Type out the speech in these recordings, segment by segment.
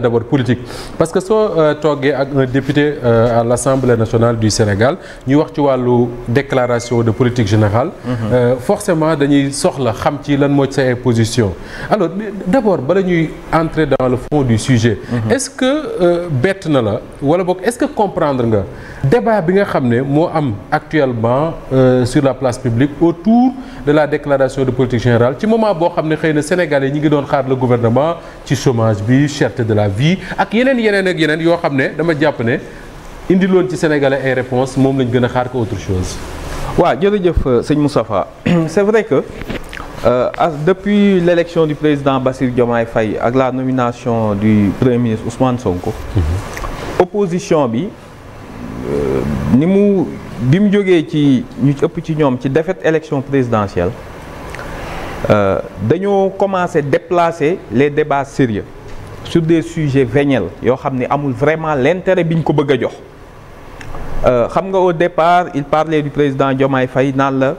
d'abord politique parce que soo euh, toogee ak un député euh, à l'Assemblée nationale du Sénégal ñuy wax ci wàllu déclaration de politique générale mhm. euh, forcément dañuy soxla xam ci lan moo ci say position alors d'abord bala ñuy entrer dans le fond du sujet mhm. est-ce que euh, bett na la wala boog est-ce que comprendre nga débat bi nga xam ne moo am actuellement euh, sur la place publique autour de la déclaration de politique générale ci moment boo xam ne xëy na sénégal Sénégalais ñu ngi doon xaar le gouvernement ci chômage bi cherté de la la vie ak yeneen yeneen ak yeneen yoo xam ne dama jàpp ne indi loon ci sénégalais ay réponse moom lañ gën a xaar ko autre chose waaw jërëjëf euh, sëñ Moustapha c'est vrai que euh, depuis l'élection du président Bassirou Diomaye fay ak la nomination du premier ministre Ousmane Sonko mmh. opposition bi euh, ni mu bi mu jógee ci ñu ëpp ci ñoom ci défaite élection présidentielle euh, dañoo commencé déplacer les débats sérieux sur des sujets véniels yoo xam ne amul vraiment tere bi ñu ko bëgg a jox euh, xam nga au départ il parlait du président Diomaye fay naan la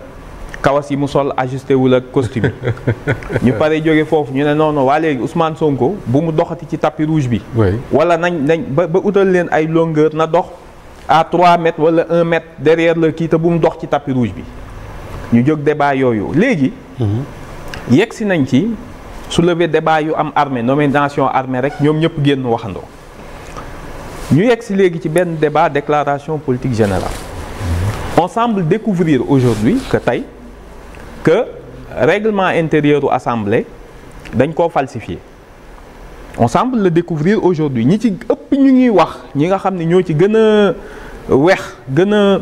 kawas yi mu sol ajusté wul ak costume ñu pare jóge foofu ñu ne noonu waa léegi Ousmane Sonko bu mu doxati ci tapis rouge bi. wala nañ nañ ba ba utal leen ay longueur na dox à 3 mètres wala 1 mètre derrière le kii bu mu dox ci tapis rouge bi ñu jóg débat yooyu léegi. Mhm. yegg si nañ ci. soulever débat yu am armée nomination armée rek ñoom ñëpp génn waxandoo ñu yegg si léegi ci benn débat déclaration politique générale on semble découvrir aujourd'hui que tey que règlement intérieur u assemblée dañ koo falsifié on semble le découvrir aujourd'hui ñi ci ëpp ñu ngi wax ñi nga xam ne ñoo ci gën a weex gën a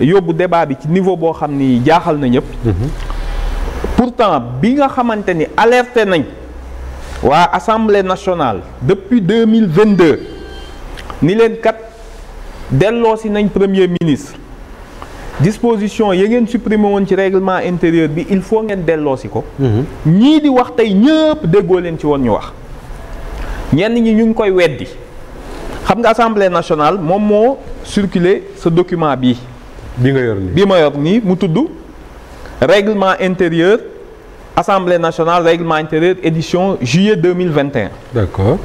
yóbbu débat bi ci niveau boo xam ni jaaxal na ñëpp mhm. pourtant bi nga xamante ni alerte nañ waa assemblée nationale depuis deux mille vingt deux ni leen kat delloo si nañ premier ministre disposition ya ngeen supprimer woon ci règlement intérieur bi il faut ngeen delloo si ko. Mhm. ñii di wax tey ñëpp déggoo leen ci woon ñu wax. ñenn ñi ñu ngi koy weddi xam nga assemblée nationale moom moo circuler sa document bi. bi nga yor bi ma yor nii mu tudd règlement intérieur. Assemblée nationale règlement intérieur édition juillet 2021. d'accord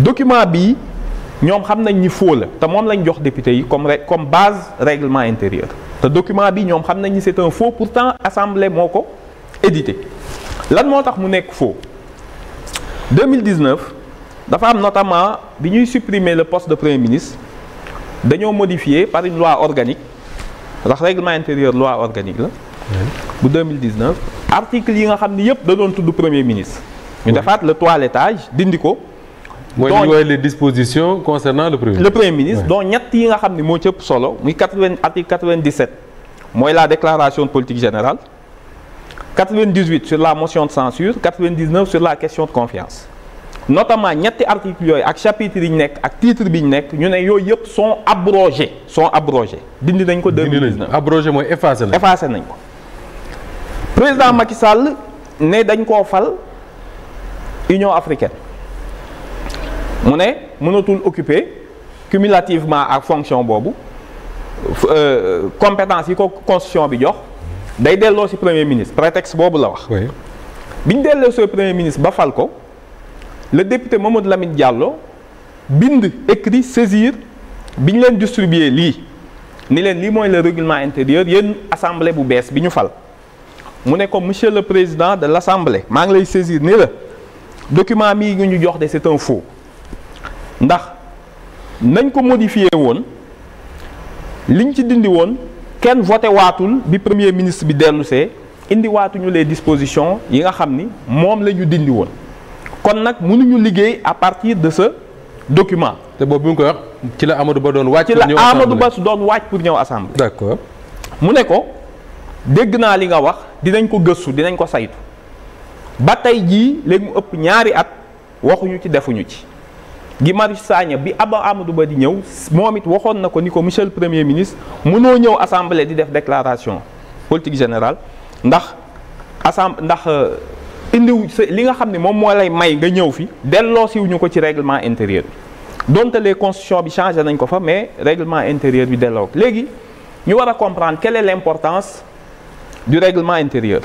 document bi ñoom xam nañ ni faux la te moom lañ jox député yi comme comme base règlement intérieur te document bi ñoom xam nañ ni c'est un faux pourtant assemblée moo ko édité lan moo tax mu nekk faux 2019 dafa am notamment bi ñuy supprimer le poste de premier ministre dañoo modifié par une loi organique ndax règlement intérieur loi organique la. bu 2019 article yi nga xam ni yëpp da doon tudd premier ministre. ñu defaat le toilettage dindi ko. mooy li ñu les dispositions concernant le premier ministre. yi nga xam ne moo ci ëpp solo muy 80 article 97 mooy la déclaration de politique générale 98 sur la motion de censure 99 sur la question de confiance. notamment ñetti articles yooyu ak chapitre yi ñu nekk ak titre bi ñu nekk ñu ne yooyu yëpp sont abrogés sont abrogés dindi nañ ko 2019 abrogé mooy effacé nañ ko. effacé nañ ko. président Macky Sall ne dañ koo fal Union africaine mu ne mënatul occuper cumulativement ak fonction boobu euh, compétence yi ko constitution bi jox day delloo ci premier ministre prétexte boobu la wax. bi ñu delloo ci premier ministre ba fal ko le député Mamadou Lamine jàlloo bind écrit saisir bi ñu leen distribuer lii ni leen lii mooy le régulement intérieur yéen assemblée bu bees bi ñu fal. mu ne ko monsieur le président de l'assemblée maa ngi lay saisir ni la document mii ngi ñu jox de c'est un ndax nañ ko modifié woon liñ ci dindi woon kenn voté waatul bi premier ministre bi dellusee indi waatuñu les disposition yi nga xam ni moom la ñu dindi woon kon nag mënuñu liggéey à partir de sa document. te boobu bu ñu ko wax ci la Amadou Ba doon wàcc. pour ñëw assemblée ci la Amadou Ba doon wàcc pour ñëw assemblée. d'accord mu ne ko. dégg naa li nga wax dinañ ko gëstu dinañ ko saytu ba tey jii léegi mu ëpp ñaari at waxuñu ci defuñu ci Guy Marius Sagna bi Aba Amadou Ba di ñëw moom it waxoon na ko ni ko monsieur premier ministre munoo ñëw assemblée di def déclaration politique général ndax assemblée ndax euh, indiw li nga xam ne moom moo lay may nga ñëw fi delloo siwuñu ko ci réglement intérieur bi donte les constitution bi changé nañ ko fa mais réglement intérieur bi delloo léegi ñu war a comprendre quelle est du règlement intérieur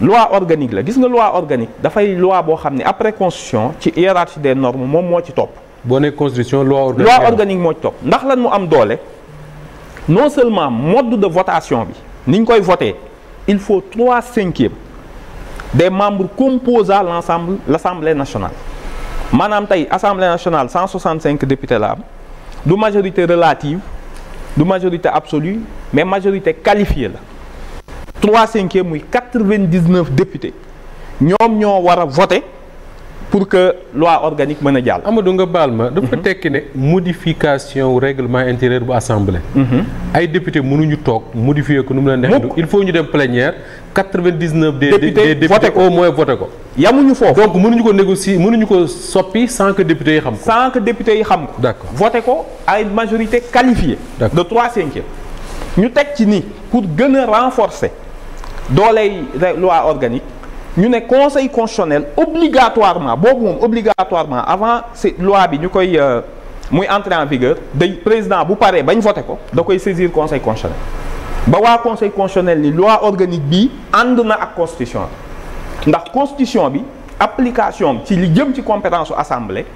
loi organique la gis nga loi organique dafay loi boo xam ne après constitution ci hiérarchie des norme moom moo ci topp. boo nee constitution loi organique loi organique moo ci topp ndax lan mu am doole non seulement mode de votation bi ni ñu koy voté il faut trois cinquièmes des membres composant l'ensemble l'Assemblée nationale maanaam tey Assemblée nationale 165 députés la am du majorité relative du majorité absolue mais majorité qualifiée la. trois cinquièmes muy quatre-vingt-dix-neuf députés ñoom ñoo war a voter pour que loi organique mën a jàll. Amadou nga baal ma. dafa mhm. tekki ne modification règlement intérieur bu assemblée. Mhm. ay député mënuñu toog modifier ko nu mu la neexee. il faut ñu dem plénière quatre-vingt-dix-neuf. des des députés au moins voté ko. yamuñu foofu donc mënuñu ko négocier mënuñu ko soppi sans que député yi xam ko. sans que yi xam ko. d'accord voté ko à une majorité qualifiée. de trois cinquièmes. ñu teg ci ni pour gën a renforcer. dooley loi organique ñu ne conseil constitutionnel obligatoirement boobu moom obligatoirement avant si loi bi ñu koy euh, muy entrer en vigueur day président bu paree bañ voté ko da koy saisir conseil constitutionnel ba waa conseil constitutionnel ni loi organique bi ànd na ak constitution bi ndax constitution bi application ci li jëm ci compétence su assemblée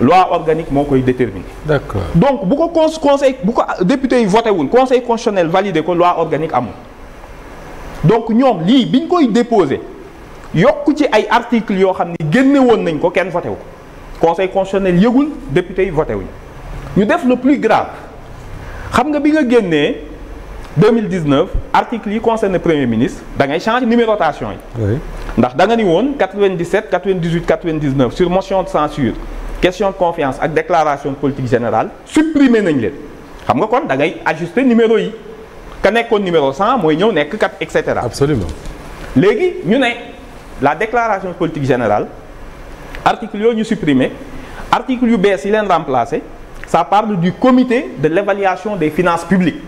loi organique moo koy déterminer. d'accord donc bu ko conseil bu ko député yi voté wul conseil constitutionnel validé ko loi organique amul. donc ñoom lii biñ koy déposé yokk ci ay articles yoo xam ni génne woon nañ ko kenn voté wu ko conseil constitutionnel yëgul député yi voté wuñ ñu def le plus grave xam nga bi nga génnee 2019 articles yi concerne premier ministre da ngay changer numérotation yi. ndax da nga ni woon 97 98 99 sur motion de censure question de confiance ak déclaration de politique générale supprimer nañ leen xam nga kon da ngay ajuster numéro yi. ka nekkoon numéro 100 mooy ñëw nekk kat et cetera. absolument léegi ñu ne la déclaration politique général article yooyu ñu supprimer article yu bees yi leen remplacer sa parle du comité de l'évaluation des finance publiques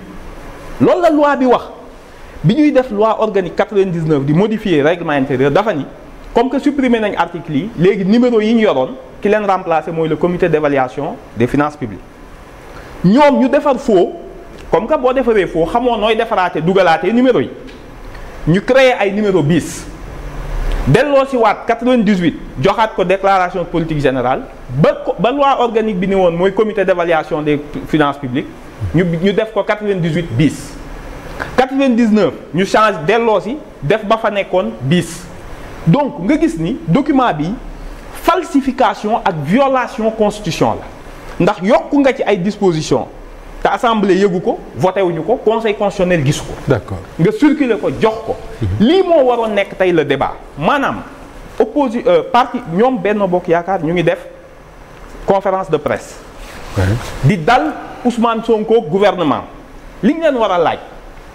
loolu la loi bi wax bi ñuy def loi organique 99 di modifier règlement intérieur dafa ni comme que supprimer nañ article yi léegi numéro yi ñu yoroon ki leen remplacer mooy le comité d'évaluation des finances publiques ñoom ñu defar foo comme que boo defaree foo xamoo nooy defaraate dugalaatee numéro yi ñu créer ay numéro bis delloo si waat 98 joxaat ko déclaration politique général ba ko ba loi organique bi ni woon mooy comité d'évaluation des finance publiques ñu ñu def ko 98 bis 99 ñu change delloo si def ba fa nekkoon biis donc nga gis ni document bi falsification ak violation constitution la ndax yokk nga ci ay dispositions te assemblée yëgu ko voté wuñu ko conseil constitutionnel gisu ko. d'accord nga surculer ko jox ko. Mhm. lii moo waroon nekk tey le débat maanaam opposi euh, parti ñoom benn Bokk Yaakaar ñu ngi def conférence de presse. di dal Ousmane Sonko gouvernement li ñu war a laaj.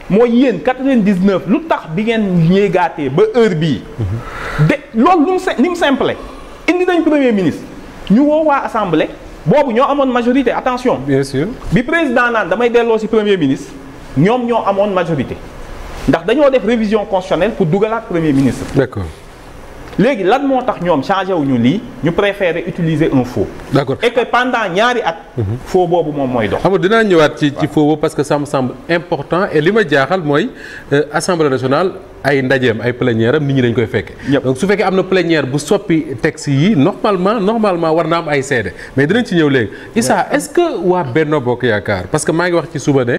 mooy yéen 99 lu tax bi ngeen ñeegaatee ba heure bii. Mhm. de loolu lu mu ni indi nañ premier ministre ñu woo waa assemblée. boobu ñoo amoon majorité attention. bi sûr bi président naan damay delloo ci premier ministre ñoom ñoo amoon majorité ndax dañoo def révision constitutionnelle pour dugalaat premier ministre. d'accord. léegi lan moo tax ñoom changé wuñu lii ñu préférer utiliser un faux. d'accord et que pendant ñaari at. Mhm. faux boobu moom mooy dox. xam nga dinaa ñëwaat ci ci faux boobu parce que ça me semble important et li ma jaaxal mooy euh, assemblée nationale ay ndajeem ay plénière am nit ñi dañ koy fekke donc su fekkee am na plénière bu soppi texte yi normalement normalement war na am ay seede mais dinañ ci ñëw léegi. Issa est-ce que waa Benno Bokk Yaakaar parce que maa ngi wax ci suba ne.